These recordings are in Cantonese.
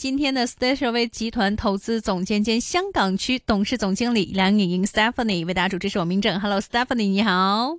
今天的 StashAway 集團投資總監兼香港區董事總經理梁穎瑩 Stephanie，為大家主持，這是我明正。Hello，Stephanie，你好。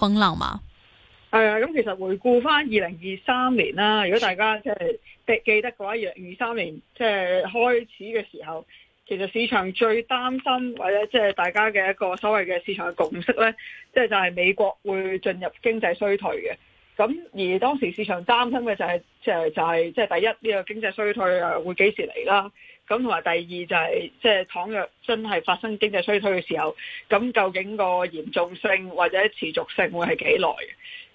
風浪嘛？誒，咁其實回顧翻二零二三年啦，如果大家即係記得嘅話，二零二三年即係開始嘅時候，其實市場最擔心或者即係大家嘅一個所謂嘅市場嘅共識咧，即係就係、是、美國會進入經濟衰退嘅。咁而當時市場擔心嘅就係、是，即係就係即係第一呢、呢個經濟衰退啊，會幾時嚟啦？咁同埋第二就係、是，即係倘若真係發生經濟衰退嘅時候，咁究竟個嚴重性或者持續性會係幾耐？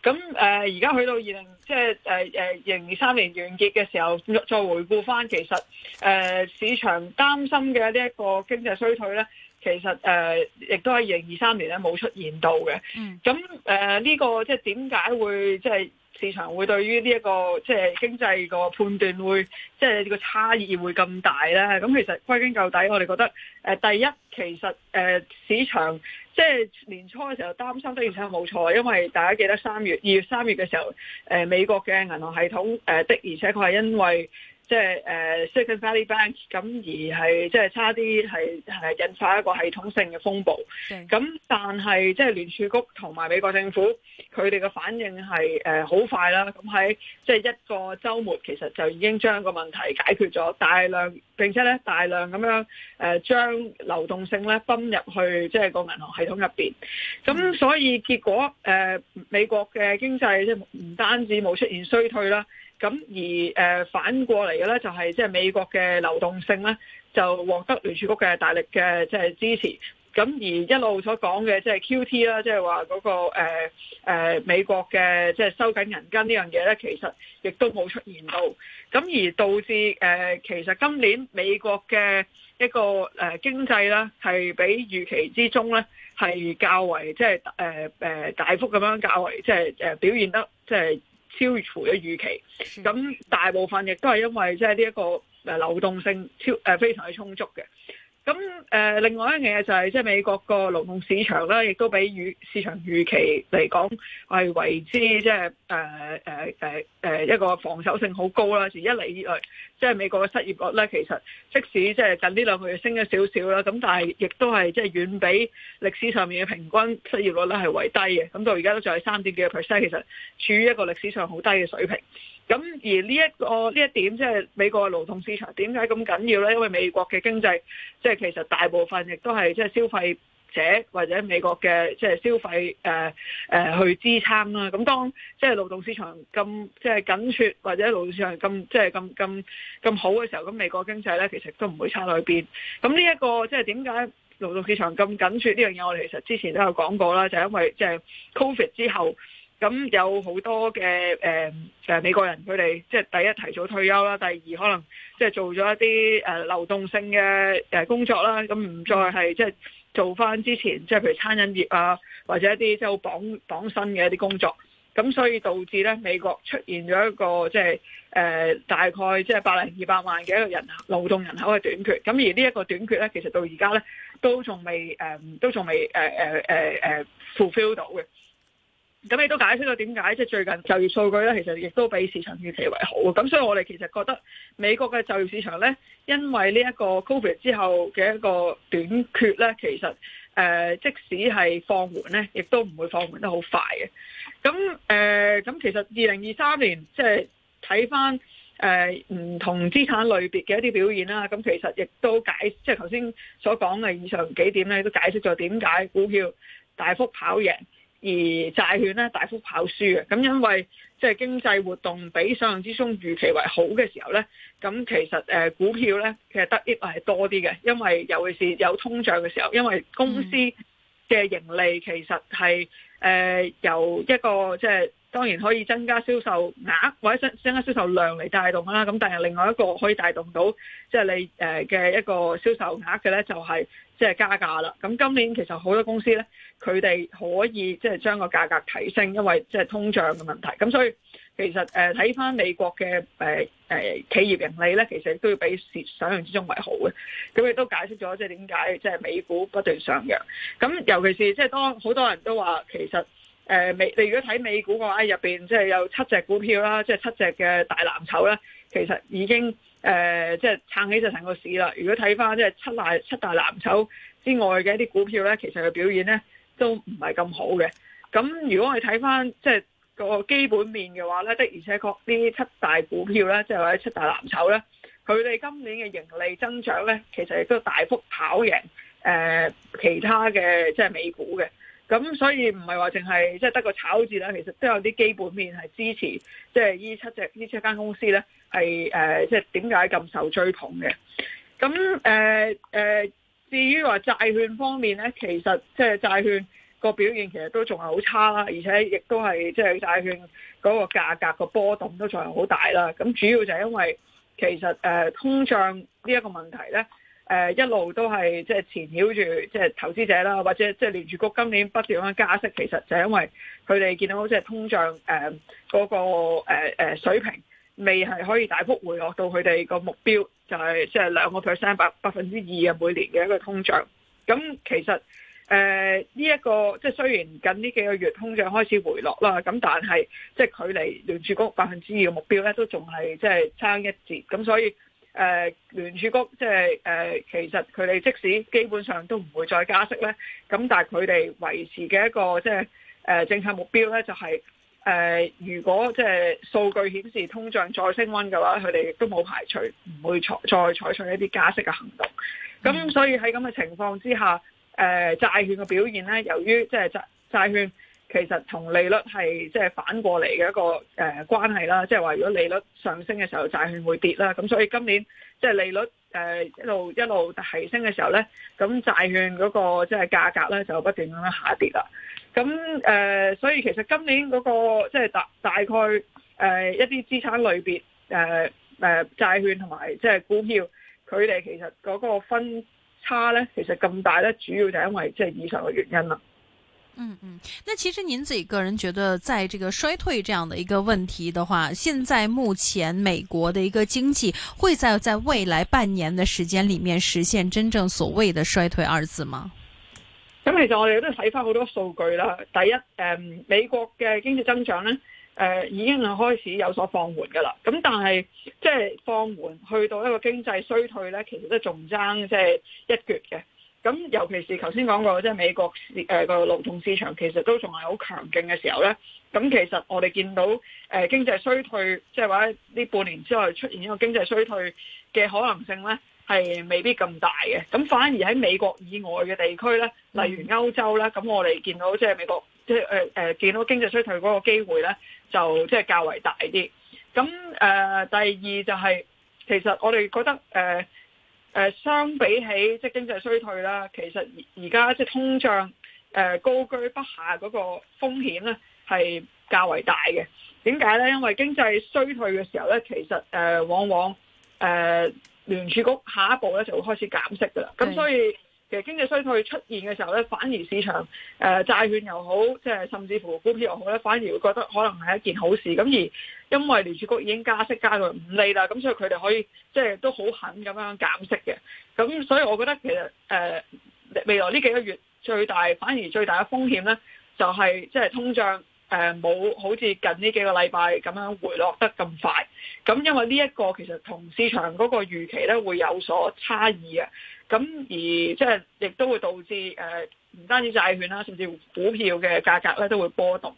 咁誒，而、呃、家去到二零，即係誒誒，二零二三年完結嘅時候，再回顧返，其實誒、呃、市場擔心嘅呢一個經濟衰退咧，其實誒、呃、亦都喺二零二三年咧冇出現到嘅。咁誒呢個即係點解會即係，市場會對於呢、這、一個即係、就是、經濟個判斷會即係、就是、個差異會咁大咧，咁其實歸根究底，我哋覺得誒、呃、第一其實誒、呃、市場即係、就是、年初嘅時候擔心的而且確冇錯，因為大家記得三月二月三月嘅時候誒、呃、美國嘅銀行系統誒、呃、的而且確係因為。即係誒 Silicon Valley Bank，咁而係即係差啲係係引發一個系統性嘅風暴。咁的但係即係聯儲局同埋美國政府佢哋嘅反應係誒好快啦。咁喺即係一個週末，其實就已經將個問題解決咗，大量並且咧大量咁樣誒將流動性咧泵入去即係個銀行系統入邊。咁所以結果誒、呃、美國嘅經濟即係唔單止冇出現衰退啦。咁而誒反過嚟嘅咧，就係即係美國嘅流動性咧，就獲得聯儲局嘅大力嘅即係支持。咁而一路所講嘅即係 QT 啦，即係話嗰個誒美國嘅即係收緊銀根呢樣嘢咧，其實亦都冇出現到。咁而導致誒、呃、其實今年美國嘅一個誒經濟咧，係比預期之中咧係較為即係誒誒大幅咁樣較為即係誒表現得即係，超越咗預期，咁大部分亦都係因為即係呢一個誒流動性超誒非常之充足嘅。咁誒、呃，另外一樣嘢就係，即係美國個勞動市場咧，亦都比預市場預期嚟講係為之即係誒誒誒誒一個防守性好高啦。自一嚟以來，即係美國嘅失業率咧，其實即使即係近呢兩個月升咗少少啦，咁但係亦都係即係遠比歷史上面嘅平均失業率咧係為低嘅。咁到而家都仲係三點幾嘅 percent，其實處於一個歷史上好低嘅水平。咁而呢一個呢一點，即係美國嘅勞動市場點解咁緊要咧？因為美國嘅經濟即係其實大部分亦都係即係消費者或者美國嘅即係消費誒誒去支撐啦。咁當即係勞動市場咁即係緊缺，或者勞動市場咁即係咁咁咁好嘅時候，咁美國經濟咧其實都唔會差到去邊。咁呢一個即係點解勞動市場咁緊缺呢樣嘢？這個、我哋其實之前都有講過啦，就係因為即係 Covid 之後。咁有好多嘅誒誒美國人佢哋即係第一提早退休啦，第二可能即係做咗一啲誒、呃、流動性嘅誒工作啦，咁唔再係即係做翻之前即係、就是、譬如餐飲業啊，或者一啲即係好綁綁身嘅一啲工作，咁所以導致咧美國出現咗一個即係誒大概即係百零二百萬嘅一個人勞動人口嘅短缺，咁而呢一個短缺咧其實到而家咧都仲未誒，都仲未誒誒誒誒 fulfill 到嘅。呃咁你都解釋到點解，即係最近就業數據咧，其實亦都比市場預期為好。咁所以我哋其實覺得美國嘅就業市場咧，因為呢一個 COVID 之後嘅一個短缺咧，其實誒、呃、即使係放緩咧，亦都唔會放緩得好快嘅。咁誒咁其實二零二三年即係睇翻誒唔同資產類別嘅一啲表現啦。咁其實亦都解，即係頭先所講嘅以上幾點咧，都解釋咗點解股票大幅跑贏。.而債券咧，大幅跑輸嘅，咁因為即係經濟活動比想象之中預期為好嘅時候咧，咁其實誒股票咧，其實得益係多啲嘅，因為尤其是有通脹嘅時候，因為公司嘅盈利其實係誒由一個即係。當然可以增加銷售額或者增增加銷售量嚟帶動啦，咁但係另外一個可以帶動到即係、就是、你誒嘅一個銷售額嘅咧，就係即係加價啦。咁今年其實好多公司咧，佢哋可以即係將個價格提升，因為即係通脹嘅問題。咁所以其實誒睇返美國嘅誒誒企業盈利咧，其實都要比想像之中為好嘅。咁亦都解釋咗即係點解即係美股不斷上揚。咁尤其是即係當好多人都話其實。誒美、呃、你如果睇美股嘅話，入邊即係有七隻股票啦，即、就、係、是、七隻嘅大藍籌啦，其實已經誒即係撐起咗成個市啦。如果睇翻即係七大七大藍籌之外嘅一啲股票咧，其實佢表現咧都唔係咁好嘅。咁如果我哋睇翻即係個基本面嘅話咧，的而且確啲七大股票咧，即係或者七大藍籌咧，佢哋今年嘅盈利增長咧，其實亦都大幅跑贏誒、呃、其他嘅即係美股嘅。咁所以唔係話淨係即係得個炒字啦，其實都有啲基本面係支持，即係呢七隻呢七間公司咧係誒，即係點解咁受追捧嘅？咁誒誒，至於話債券方面咧，其實即係債券個表現其實都仲係好差啦，而且亦都係即係債券嗰個價格個波動都仲係好大啦。咁主要就係因為其實誒、呃、通脹呢一個問題咧。誒、呃，一路都係即係纏繞住即係投資者啦，或者即係聯儲局今年不斷咁加息，其實就係因為佢哋見到好似係通脹誒嗰、呃那個誒誒、呃、水平未係可以大幅回落到佢哋個目標，就係即係兩個 percent 百百分之二嘅，每年嘅一個通脹。咁其實誒呢一個即係雖然近呢幾個月通脹開始回落啦，咁但係即係佢離聯儲局百分之二嘅目標咧都仲係即係差一截，咁所以。誒、呃、聯儲局即係誒，其實佢哋即使基本上都唔會再加息咧，咁但係佢哋維持嘅一個即係誒政策目標咧、就係，就係誒如果即係數據顯示通脹再升溫嘅話，佢哋亦都冇排除唔會採再採取一啲加息嘅行動。咁、嗯、所以喺咁嘅情況之下，誒、呃、債券嘅表現咧，由於即係債債券。其實同利率係即係反過嚟嘅一個誒、呃、關係啦，即係話如果利率上升嘅時候，債券會跌啦。咁所以今年即係、就是、利率誒、呃、一路一路提升嘅時候咧，咁債券嗰個即係價格咧就不斷咁樣下跌啦。咁誒、呃，所以其實今年嗰、那個即係、就是、大大概誒、呃、一啲資產類別誒誒債券同埋即係股票，佢哋其實嗰個分差咧，其實咁大咧，主要就係因為即係以上嘅原因啦。嗯嗯，那其實您自己個人覺得，在這個衰退這樣的一個問題的話，現在目前美國的一個經濟會在在未來半年的時間裏面實現真正所謂的衰退二字嗎？咁、嗯、其實我哋都睇翻好多數據啦，第一，誒、呃，美國嘅經濟增長呢誒、呃，已經係開始有所放緩噶啦。咁、嗯、但係即係放緩去到一個經濟衰退呢，其實都仲爭即係一橛嘅。咁尤其是頭先講過，即係美國市誒個勞動市場其實都仲係好強勁嘅時候咧，咁其實我哋見到誒、呃、經濟衰退，即係話呢半年之後出現呢個經濟衰退嘅可能性咧，係未必咁大嘅。咁反而喺美國以外嘅地區咧，例如歐洲咧，咁我哋見到即係美國即係誒誒見到經濟衰退嗰個機會咧，就即係較為大啲。咁誒、呃，第二就係、是、其實我哋覺得誒，呃誒相比起即係經濟衰退啦，其實而而家即係通脹誒、呃、高居不下嗰個風險咧係較為大嘅。點解咧？因為經濟衰退嘅時候咧，其實誒、呃、往往誒聯儲局下一步咧就會開始減息㗎喇。咁所以。其實經濟衰退出現嘅時候咧，反而市場誒呃、債券又好，即係甚至乎股票又好咧，反而會覺得可能係一件好事。咁而因為聯儲局已經加息加到五厘啦，咁所以佢哋可以即係都好狠咁樣減息嘅。咁所以我覺得其實誒、呃、未來呢幾個月最大反而最大嘅風險咧，就係、是、即係通脹。誒冇好似近呢幾個禮拜咁樣回落得咁快，咁因為呢一個其實同市場嗰個預期咧會有所差異嘅，咁而即係亦都會導致誒唔，呃、單止債券啦，甚至股票嘅價格咧都會波動，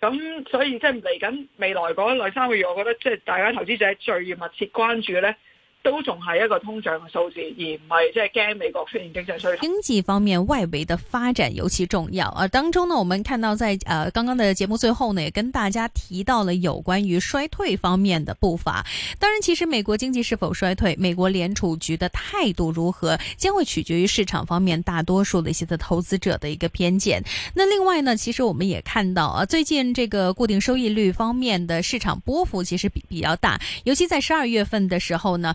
咁所以即係嚟緊未來嗰兩三個月，我覺得即係大家投資者最要密切關注嘅咧。都仲係一個通脹嘅數字，而唔係即係驚美國出現經濟衰退。經濟方面，外圍嘅發展尤其重要啊！當中呢，我們看到在啊、呃、剛剛的節目最後呢，也跟大家提到了有關於衰退方面的步伐。當然，其實美國經濟是否衰退，美國聯儲局嘅態度如何，將會取決於市場方面大多數的一些的投資者嘅一個偏見。那另外呢，其實我們也看到啊，最近這個固定收益率方面的市場波幅其實比比較大，尤其在十二月份的時候呢。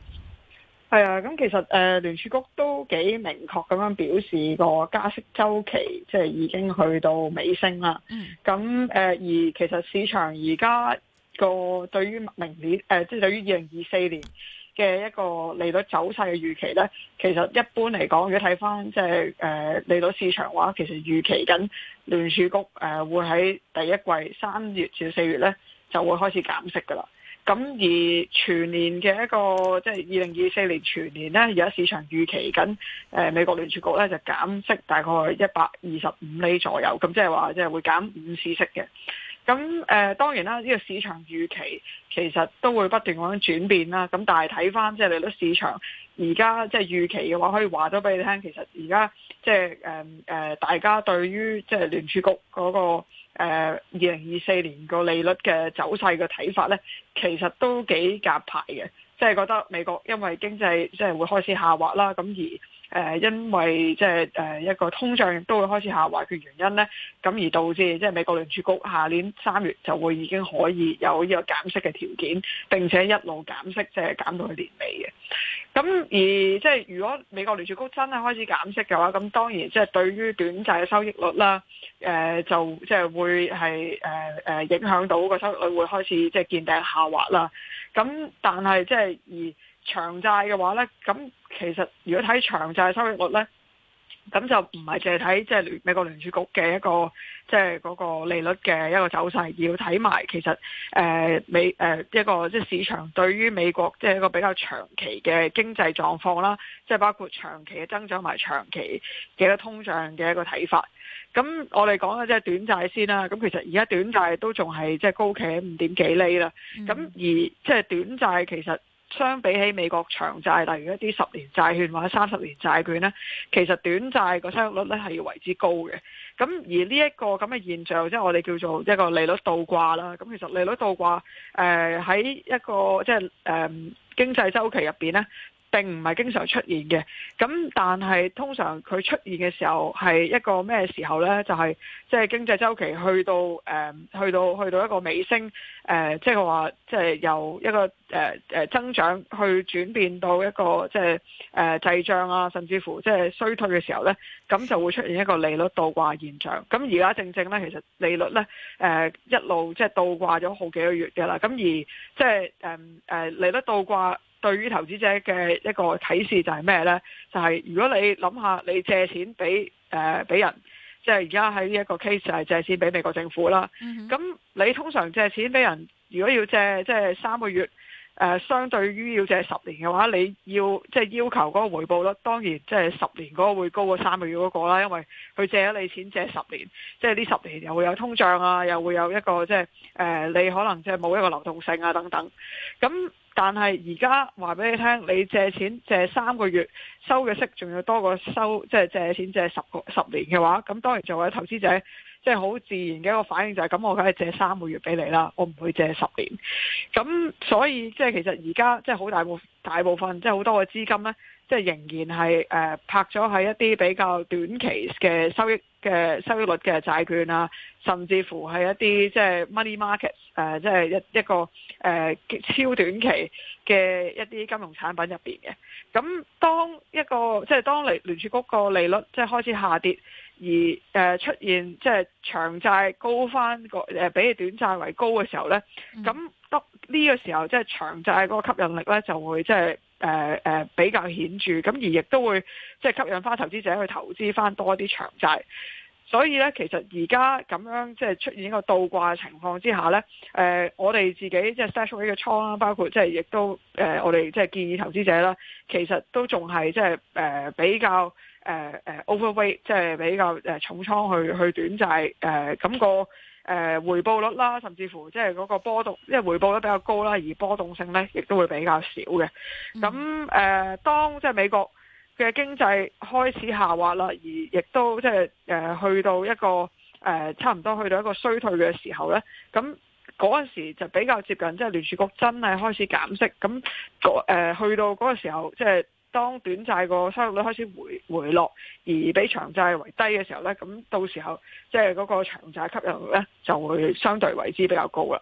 係啊，咁其實誒、呃、聯儲局都幾明確咁樣表示過加息週期，即、就、係、是、已經去到尾聲啦。咁誒、嗯呃、而其實市場而家個對於明年誒，即、呃、係、就是、對於二零二四年嘅一個利率走勢嘅預期咧，其實一般嚟講，如果睇翻即係誒利率市場嘅話，其實預期緊聯儲局誒、呃、會喺第一季三月至四月咧就會開始減息噶啦。咁而全年嘅一個即係二零二四年全年咧，而家市場預期緊，誒、呃、美國聯儲局咧就減息大概一百二十五厘左右，咁即係話即係會減五次息嘅。咁誒、呃、當然啦，呢、這個市場預期其實都會不斷咁樣轉變啦。咁但係睇翻即係利率市場。而家即係預期嘅話，可以話咗俾你聽，其實而家即係誒誒，大家對於即係、就是、聯儲局嗰、那個二零二四年個利率嘅走勢嘅睇法呢，其實都幾夾排嘅，即、就、係、是、覺得美國因為經濟即係、就是、會開始下滑啦，咁而。誒，因為即係誒一個通脹都會開始下滑嘅原因咧，咁而導致即係美國聯儲局下年三月就會已經可以有呢個減息嘅條件，並且一路減息即係減到去年尾嘅。咁而即係如果美國聯儲局真係開始減息嘅話，咁當然即係對於短債嘅收益率啦，誒就即係會係誒誒影響到個收益率會開始即係見頂下滑啦。咁但係即係而長債嘅話咧，咁。其實如果睇長債收益率呢，咁就唔係淨係睇即係美國聯儲局嘅一個即係嗰個利率嘅一個走勢，而要睇埋其實誒、呃、美誒、呃、一個即係市場對於美國即係一個比較長期嘅經濟狀況啦，即係包括長期嘅增長，埋長期嘅通脹嘅一個睇法。咁我哋講嘅即係短債先啦。咁其實而家短債都仲係即係高企五點幾厘啦。咁、嗯、而即係短債其實。相比起美國長債，例如一啲十年債券或者三十年債券呢，其實短債個收益率咧係要為之高嘅。咁而呢一個咁嘅現象，即係我哋叫做一個利率倒掛啦。咁其實利率倒掛，誒、呃、喺一個即係誒、呃、經濟周期入邊呢。並唔係經常出現嘅，咁但係通常佢出現嘅時候係一個咩時候呢？就係即係經濟周期去到誒、呃、去到去到一個尾聲，誒即係話即係由一個誒誒、呃、增長去轉變到一個即係誒滯脹啊，甚至乎即係衰退嘅時候呢，咁就會出現一個利率倒掛現象。咁而家正正呢，其實利率呢誒、呃、一路即係倒掛咗好幾個月嘅啦。咁而即係誒誒利率倒掛。對於投資者嘅一個提示就係咩呢？就係、是、如果你諗下你借錢俾誒俾人，即係而家喺呢一個 case 就係借錢俾美國政府啦。咁、嗯、哼你通常借錢俾人，如果要借即係三個月。誒、呃、相對於要借十年嘅話，你要即係要求嗰個回報率，當然即係十年嗰個會高過三個月嗰、那個啦，因為佢借咗你錢借十年，即係呢十年又會有通脹啊，又會有一個即係誒、呃、你可能即係冇一個流動性啊等等。咁但係而家話俾你聽，你借錢借三個月收嘅息仲要多過收即係借錢借十個十年嘅話，咁當然作為投資者。即係好自然嘅一個反應就係咁，我梗係借三個月俾你啦，我唔會借十年。咁所以即係其實而家即係好大部大部分即係好多嘅資金咧，即係仍然係誒、呃、拍咗喺一啲比較短期嘅收益。嘅收益率嘅債券啊，甚至乎係一啲即係 money market 誒，即係一、呃、一個誒、呃、超短期嘅一啲金融產品入邊嘅。咁當一個即係當聯聯儲局個利率即係開始下跌，而誒、呃、出現即係長債高翻個誒比短債為高嘅時候咧，咁當呢個時候即係長債個吸引力咧就會即係。誒誒、呃、比較顯著，咁而亦都會即係吸引翻投資者去投資翻多啲長債，所以呢，其實而家咁樣即係出現一個倒掛嘅情況之下呢，誒、呃、我哋自己即係 set up 呢個倉啦，包括即係亦都誒、呃、我哋即係建議投資者啦，其實都仲係即係誒比較誒誒、呃、overweight，即係比較誒重倉去去短債誒咁、呃那個。誒，回報率啦，甚至乎即係嗰個波動，即係回報率比較高啦，而波動性呢亦都會比較少嘅。咁誒，當即係美國嘅經濟開始下滑啦，而亦都即係誒去到一個誒，差唔多去到一個衰退嘅時候呢，咁嗰陣時就比較接近，即係聯儲局真係開始減息。咁誒，去到嗰個時候，即係。當短債個收入率開始回回落，而比長債為低嘅時候咧，咁到時候即係嗰個長債吸引力咧就會相對為之比較高啦。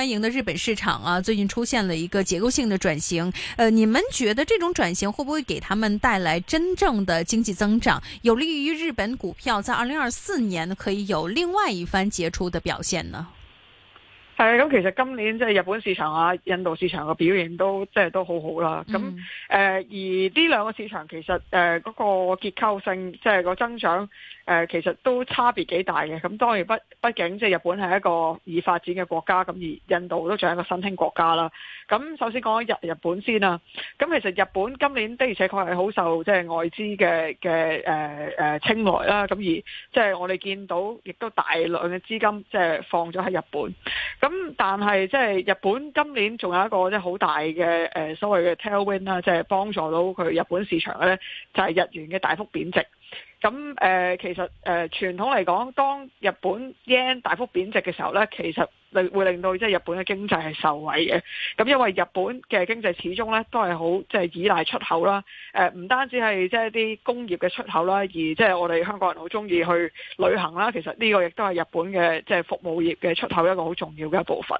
歡迎的日本市場啊，最近出現了一個結構性的轉型。呃，你們覺得這種轉型會不會給他們帶來真正的經濟增長？有利於日本股票在二零二四年可以有另外一番傑出的表現呢？係啊、嗯，咁其實今年即係日本市場啊、印度市場嘅表現都即係都好好啦。咁誒，而呢兩個市場其實誒嗰個結構性即係個增長。誒其實都差別幾大嘅，咁當然畢畢竟即係日本係一個已發展嘅國家，咁而印度都仲係一個新興國家啦。咁首先講一日日本先啦。咁其實日本今年的而且確係好受即係外資嘅嘅誒誒青睞啦。咁、呃呃、而即係我哋見到亦都大量嘅資金即係放咗喺日本。咁但係即係日本今年仲有一個即係好大嘅誒、呃、所謂嘅 tail wind 啦，即係幫助到佢日本市場咧，就係、是、日元嘅大幅貶值。咁誒、呃，其實，誒、呃，傳統嚟講，當日本 yen 大幅貶值嘅時候咧，其實。令會令到即係日本嘅經濟係受惠嘅，咁因為日本嘅經濟始終咧都係好即係依賴出口啦，誒唔單止係即係啲工業嘅出口啦，而即係我哋香港人好中意去旅行啦，其實呢個亦都係日本嘅即係服務業嘅出口一個好重要嘅一部分。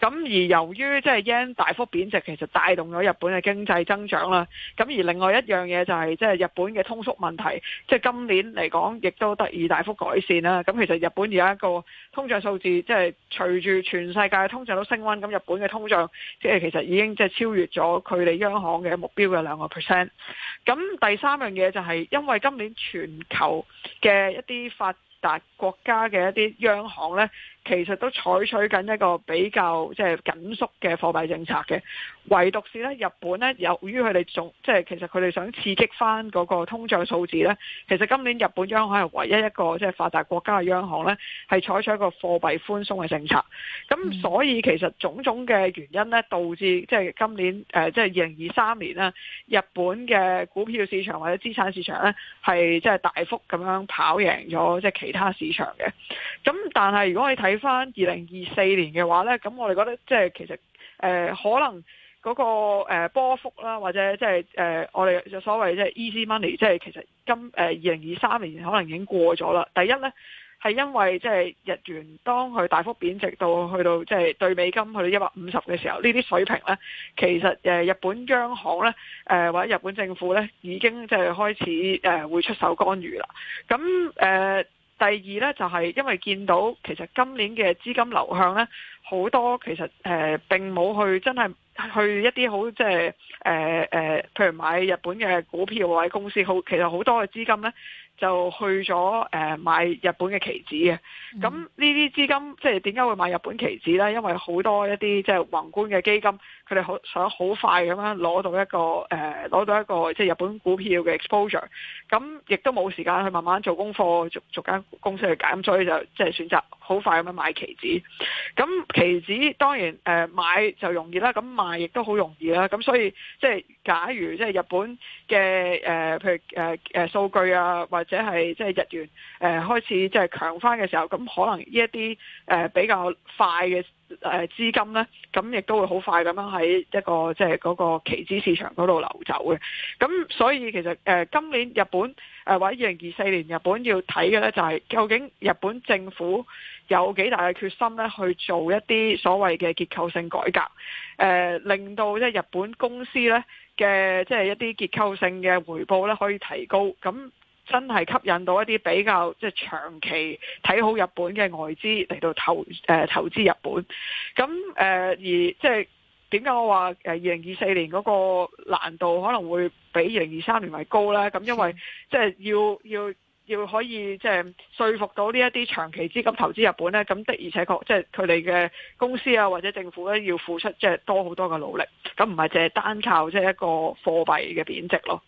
咁而由於即係 yen 大幅貶值，其實帶動咗日本嘅經濟增長啦。咁而另外一樣嘢就係即係日本嘅通縮問題，即係今年嚟講亦都得以大幅改善啦。咁其實日本而家一個通脹數字，即係隨住全世界嘅通脹都升溫，咁日本嘅通脹即係其實已經即係超越咗佢哋央行嘅目標嘅兩個 percent。咁第三樣嘢就係因為今年全球嘅一啲發達。國家嘅一啲央行呢，其實都採取緊一個比較即係緊縮嘅貨幣政策嘅。唯獨是呢，日本呢，由於佢哋仲即係其實佢哋想刺激翻嗰個通脹數字呢，其實今年日本央行係唯一一個即係發達國家嘅央行呢，係採取一個貨幣寬鬆嘅政策。咁所以其實種種嘅原因呢，導致即係今年誒即係二零二三年呢，日本嘅股票市場或者資產市場呢，係即係大幅咁樣跑贏咗即係其他市場。長嘅，咁但係如果你睇翻二零二四年嘅話呢，咁我哋覺得即係其實誒可能嗰、嗰個誒、呃、波幅啦，或者即係誒我哋所謂即係 easy money，即係其實今誒二零二三年可能已經過咗啦。第一呢，係因為即係日元當佢大幅貶值到去到即係對美金去到一百五十嘅時候，呢啲水平呢，其實誒日本央行呢，誒、呃、或者日本政府呢，已經即係開始誒、呃、會出手干預啦。咁誒。呃第二呢，就係因為見到其實今年嘅資金流向呢，好多其實誒，並冇去真係。去一啲好即係誒誒，譬如買日本嘅股票或者公司，好其實好多嘅資金咧就去咗誒買日本嘅期指嘅。咁呢啲資金即係點解會買日本期指咧？因為好多一啲即係宏觀嘅基金，佢哋好想好快咁樣攞到一個誒攞、呃、到一個即係日本股票嘅 exposure。咁亦都冇時間去慢慢做功課，逐逐間公司去揀，所以就即係選擇好快咁樣買期指。咁期指當然誒、呃、買就容易啦。咁亦都好容易啦，咁所以即係假如即係日本嘅誒、呃，譬如誒誒數據啊，或者係即係日元誒、呃、開始即係強返嘅時候，咁可能呢一啲誒比較快嘅誒資金咧，咁亦都會好快咁樣喺一個即係嗰個期指市場嗰度流走嘅，咁所以其實誒、呃、今年日本。誒或者二零二四年日本要睇嘅呢，就係究竟日本政府有幾大嘅決心呢，去做一啲所謂嘅結構性改革，誒、呃、令到即係日本公司呢嘅即係一啲結構性嘅回報呢可以提高，咁真係吸引到一啲比較即係長期睇好日本嘅外資嚟到投誒、呃、投資日本，咁誒、呃、而即係。點解我話誒二零二四年嗰個難度可能會比二零二三年為高呢？咁因為即係要要要可以即係說服到呢一啲長期資金投資日本呢，咁的而且確即係佢哋嘅公司啊或者政府呢要付出即係多好多嘅努力，咁唔係淨係單靠即係一個貨幣嘅貶值咯。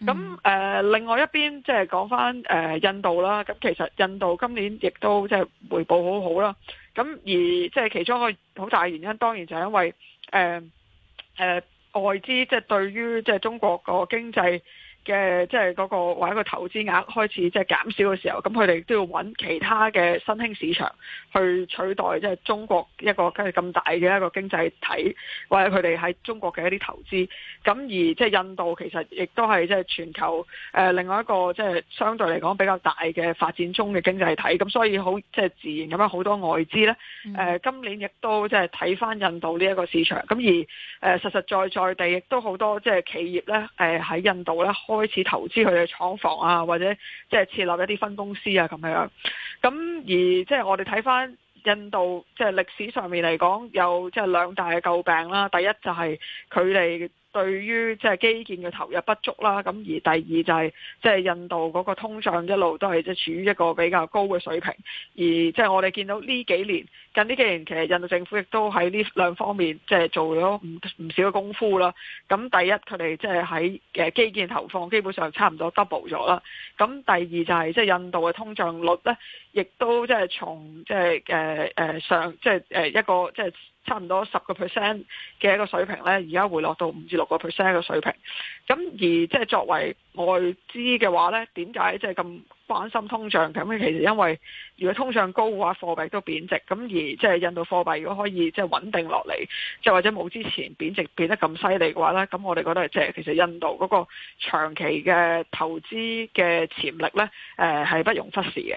咁，誒、嗯呃、另外一邊即係講翻誒印度啦，咁其實印度今年亦都即係回報好好啦。咁而即係其中一個好大原因，當然就係因為。誒誒、呃呃，外資即係對於即係中國個經濟，嘅即係嗰個或者一個投資額開始即係減少嘅時候，咁佢哋都要揾其他嘅新興市場去取代即係中國一個即係咁大嘅一個經濟體，或者佢哋喺中國嘅一啲投資，咁而即係印度其實亦都係即係全球誒另外一個即係相對嚟講比較大嘅發展中嘅經濟體，咁所以好即係自然咁樣好多外資咧誒今年亦都即係睇翻印度呢一個市場，咁而誒實實在在地亦都好多即係企業咧誒喺印度咧開， 開始投資佢嘅廠房啊，或者即係設立一啲分公司啊，咁樣。咁而即係我哋睇翻印度，即係歷史上面嚟講，有即係兩大嘅詬病啦。第一就係佢哋。對於即係基建嘅投入不足啦，咁而第二就係即係印度嗰個通脹一路都係即係處於一個比較高嘅水平，而即係我哋見到呢幾年近呢幾年，幾年其實印度政府亦都喺呢兩方面即係做咗唔唔少嘅功夫啦。咁第一佢哋即係喺誒基建投放基本上差唔多 double 咗啦。咁第二就係即係印度嘅通脹率咧，亦都即係從即係誒誒上即係誒一個即係。差唔多十個 percent 嘅一個水平咧，而家回落到五至六個 percent 嘅水平。咁而即係作為外資嘅話咧，點解即係咁關心通脹？咁其實因為如果通脹高嘅話，貨幣都貶值。咁而即係印度貨幣如果可以即係穩定落嚟，即係或者冇之前貶值變得咁犀利嘅話咧，咁我哋覺得係即係其實印度嗰個長期嘅投資嘅潛力咧，誒、呃、係不容忽視嘅。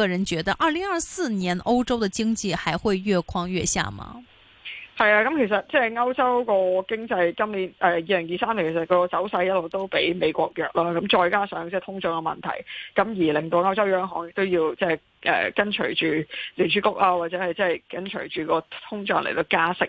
個人覺得二零二四年歐洲嘅經濟還會越況越下嗎？係啊，咁其實即係歐洲個經濟今年誒、呃、二零二三年其實個走勢一路都比美國弱啦，咁再加上即係通脹嘅問題，咁而令到歐洲央行都要即係誒跟隨住聯儲局啊或者係即係跟隨住個通脹嚟到加息，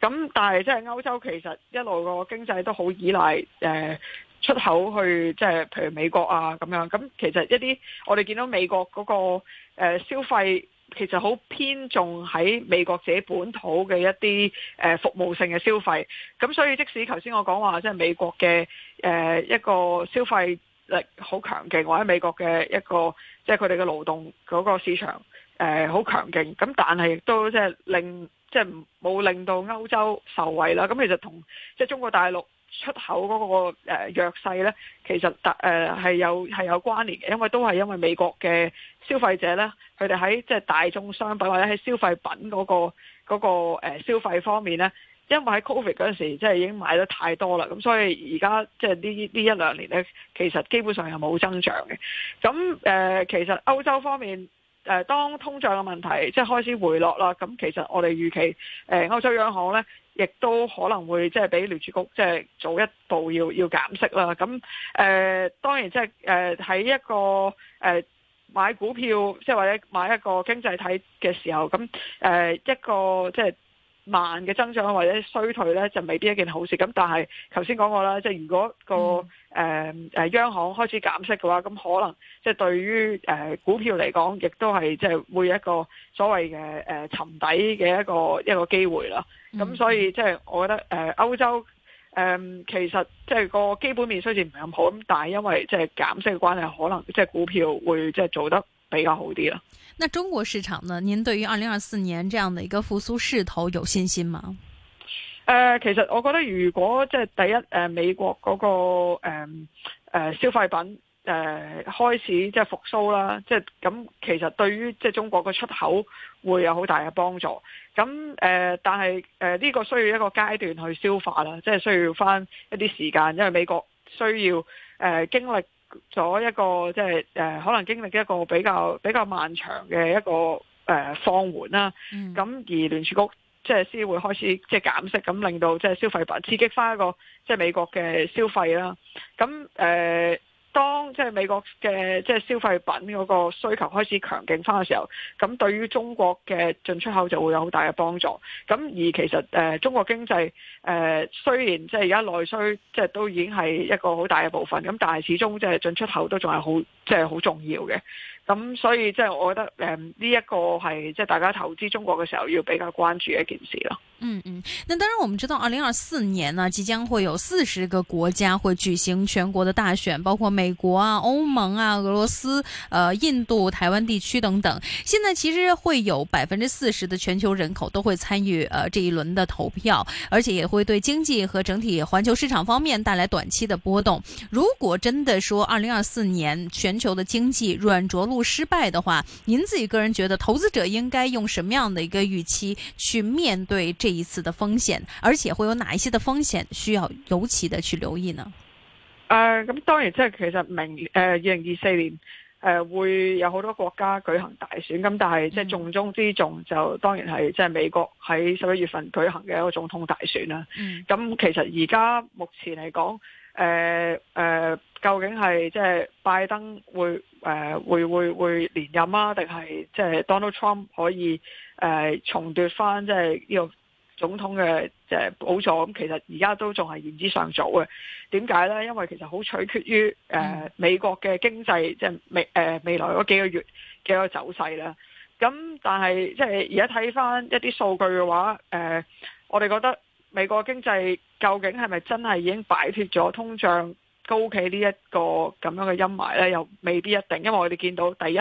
咁但係即係歐洲其實一路個經濟都好依賴誒。呃出口去即係譬如美國啊咁樣，咁其實一啲我哋見到美國嗰個誒消費其實好偏重喺美國自己本土嘅一啲誒服務性嘅消費，咁所以即使頭先我講話即係美國嘅誒一個消費力好強勁，或者美國嘅一個即係佢哋嘅勞動嗰個市場誒好強勁，咁但係亦都即係令即係冇令到歐洲受惠啦。咁其實同即係中國大陸，出口嗰個誒弱勢呢，其實特誒係有係有關聯嘅，因為都係因為美國嘅消費者呢，佢哋喺即係大宗商品或者喺消費品嗰個嗰個誒消費方面呢，因為喺 COVID 嗰陣時即係已經買得太多啦，咁所以而家即係呢呢一兩年呢，其實基本上係冇增長嘅。咁誒，其實歐洲方面誒，當通脹嘅問題即係開始回落啦，咁其實我哋預期誒歐洲央行呢。亦都可能會即係俾聯儲局即係早一步要要減息啦。咁誒、呃、當然即係誒喺一個誒、呃、買股票，即係或者買一個經濟體嘅時候，咁誒、呃、一個即係。慢嘅增長或者衰退呢，就未必一件好事。咁但係頭先講過啦，即係如果、個誒誒、嗯呃、央行開始減息嘅話，咁可能即係對於誒、呃、股票嚟講，亦都係即係會有一個所謂嘅誒沉底嘅一個一個機會啦。咁、嗯、所以即係我覺得誒、呃、歐洲誒、呃、其實即係個基本面雖然唔係咁好，咁但係因為即係減息嘅關係，可能即係股票會即係做得。比較好啲啦。那中國市場呢？您對於二零二四年這樣的一個復蘇勢頭有信心嗎？誒、呃，其實我覺得如果即係第一誒、呃，美國嗰、那個誒誒、呃呃、消費品誒、呃、開始即係復蘇啦，即係咁其實對於即係中國個出口會有好大嘅幫助。咁誒、呃，但係誒呢個需要一個階段去消化啦，即係需要翻一啲時間，因為美國需要誒、呃、經歷。咗一個即係誒，可能經歷一個比較比較漫長嘅一個誒、呃、放緩啦。咁、嗯、而聯儲局即係先會開始即係減息，咁令到即係消費品刺激返一個即係美國嘅消費啦。咁、呃、誒。當即係美國嘅即係消費品嗰個需求開始強勁翻嘅時候，咁對於中國嘅進出口就會有好大嘅幫助。咁而其實誒、呃、中國經濟誒、呃、雖然即係而家內需即係都已經係一個好大嘅部分，咁但係始終即係進出口都仲係好即係好重要嘅。咁所以即係我覺得誒呢一個係即係大家投資中國嘅時候要比較關注一件事咯。嗯嗯，那當然我們知道、啊，二零二四年呢即將會有四十個國家會舉行全國的大選，包括美國啊、歐盟啊、俄羅斯、誒、呃、印度、台灣地區等等。現在其實會有百分之四十的全球人口都會參與呃這一輪的投票，而且也會對經濟和整體環球市場方面帶來短期的波動。如果真的說二零二四年全球的經濟軟着陸。失敗的話，您自己個人覺得投資者應該用什麼樣的一個預期去面對這一次的風險？而且會有哪一些的風險需要尤其的去留意呢？誒、呃、咁、嗯、當然即係其實明誒二零二四年誒、呃、會有好多國家舉行大選，咁但係即係重中之重就、嗯、當然係即係美國喺十一月份舉行嘅一個總統大選啦。嗯、咁、嗯、其實而家目前嚟講。誒誒、呃，究竟係即係拜登會誒、呃、會會會連任啊，定係即係 Donald Trump 可以誒、呃、重奪翻即係呢個總統嘅即係寶座？咁其實而家都仲係言之尚早嘅。點解咧？因為其實好取決於誒、呃、美國嘅經濟即係未誒、呃、未來嗰幾個月嘅一個走勢啦。咁、嗯、但係即係而家睇翻一啲數據嘅話，誒、呃、我哋覺得。美國經濟究竟係咪真係已經擺脫咗通脹高企呢一個咁樣嘅陰霾呢？又未必一定，因為我哋見到第一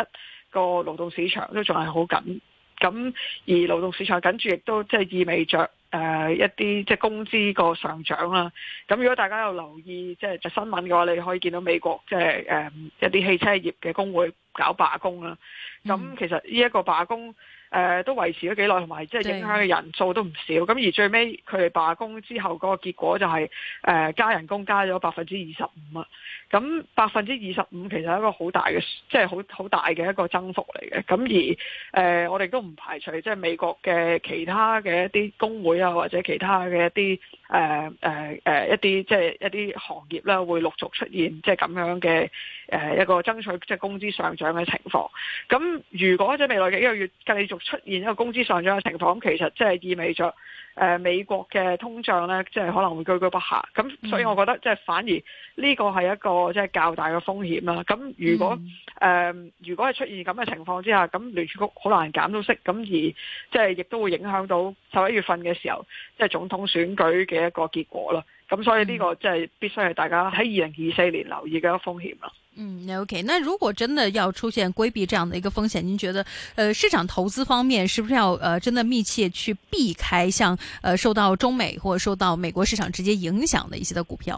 個勞動市場都仲係好緊，咁而勞動市場緊住，亦都即係意味着誒一啲即係工資個上漲啦。咁如果大家有留意即係新聞嘅話，你可以見到美國即係誒一啲汽車業嘅工會搞罷工啦。咁其實呢一個罷工。誒、呃、都維持咗幾耐，同埋即係影響嘅人數都唔少。咁白而最尾佢哋罷工之後，嗰個結果就係誒加人工加咗百分之二十五啊！咁百分之二十五其實係一個好大嘅，即係好好大嘅一個增幅嚟嘅。咁而誒、呃、我哋都唔排除，即係美國嘅其他嘅一啲工會啊，或者其他嘅一啲誒誒誒一啲即係一啲行業啦、啊，會陸續出現即係咁樣嘅誒一個爭取即係、就是、工資上漲嘅情況。咁如果即係未來嘅一個月繼續，出現一個工資上漲嘅情況，其實即係意味著誒、呃、美國嘅通脹咧，即係可能會居居不下。咁所以我覺得、嗯、即係反而呢個係一個即係較大嘅風險啦。咁如果誒、嗯呃、如果係出現咁嘅情況之下，咁聯儲局好難減到息。咁而即係亦都會影響到十一月份嘅時候，即係總統選舉嘅一個結果啦。咁所以呢個即係必須係大家喺二零二四年留意嘅一個風險啦。嗯，OK，那如果真的要出現規避這樣的一個風險，您覺得，呃、市場投資方面是不是要，呃、真的密切去避開像，呃、受到中美或者受到美國市場直接影響的一些的股票？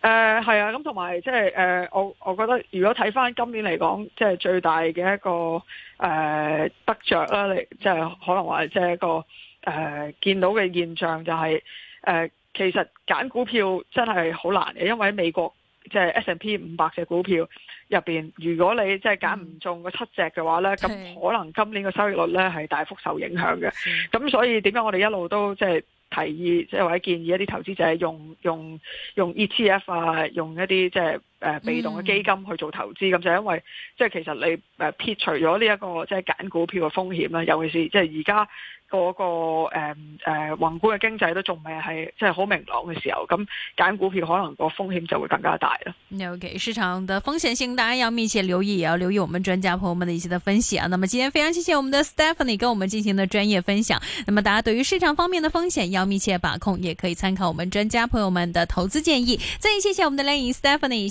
誒、呃，係啊，咁同埋即係，誒、呃，我我覺得如果睇返今年嚟講，即係最大嘅一個誒、呃、得着啦，你即係可能話即係一個誒、呃、見到嘅現象就係，誒、呃，其實揀股票真係好難嘅，因為喺美國。即係 S&P 五百隻股票入邊，如果你即係揀唔中個七隻嘅話呢，咁可能今年嘅收益率呢係大幅受影響嘅。咁所以點解我哋一路都即係提議，即係或者建議一啲投資者用用用 ETF 啊，用一啲即係。誒、呃，被動嘅基金去做投資咁，就因為即係其實你誒、呃、撇除咗呢一個即係揀股票嘅風險啦，尤其是，是、那個嗯呃、是即係而家嗰個誒誒宏觀嘅經濟都仲未係即係好明朗嘅時候，咁揀股票可能個風險就會更加大啦。尤其、okay, 市場嘅風險性，大家要密切留意，也要留意我們專家朋友們的一些分析啊。那麼今天非常謝謝我們的 Stephanie 跟我們進行的專業分享。那麼大家對於市場方面的風險要密切把控，也可以參考我們專家朋友們的投資建議。再一謝謝我們的穎瑩 Stephanie，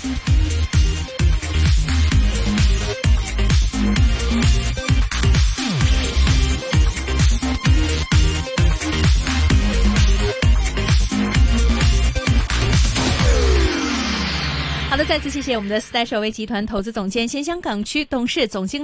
好的，再次謝謝我們的 Starway 集團投資總監兼香港區董事總經理。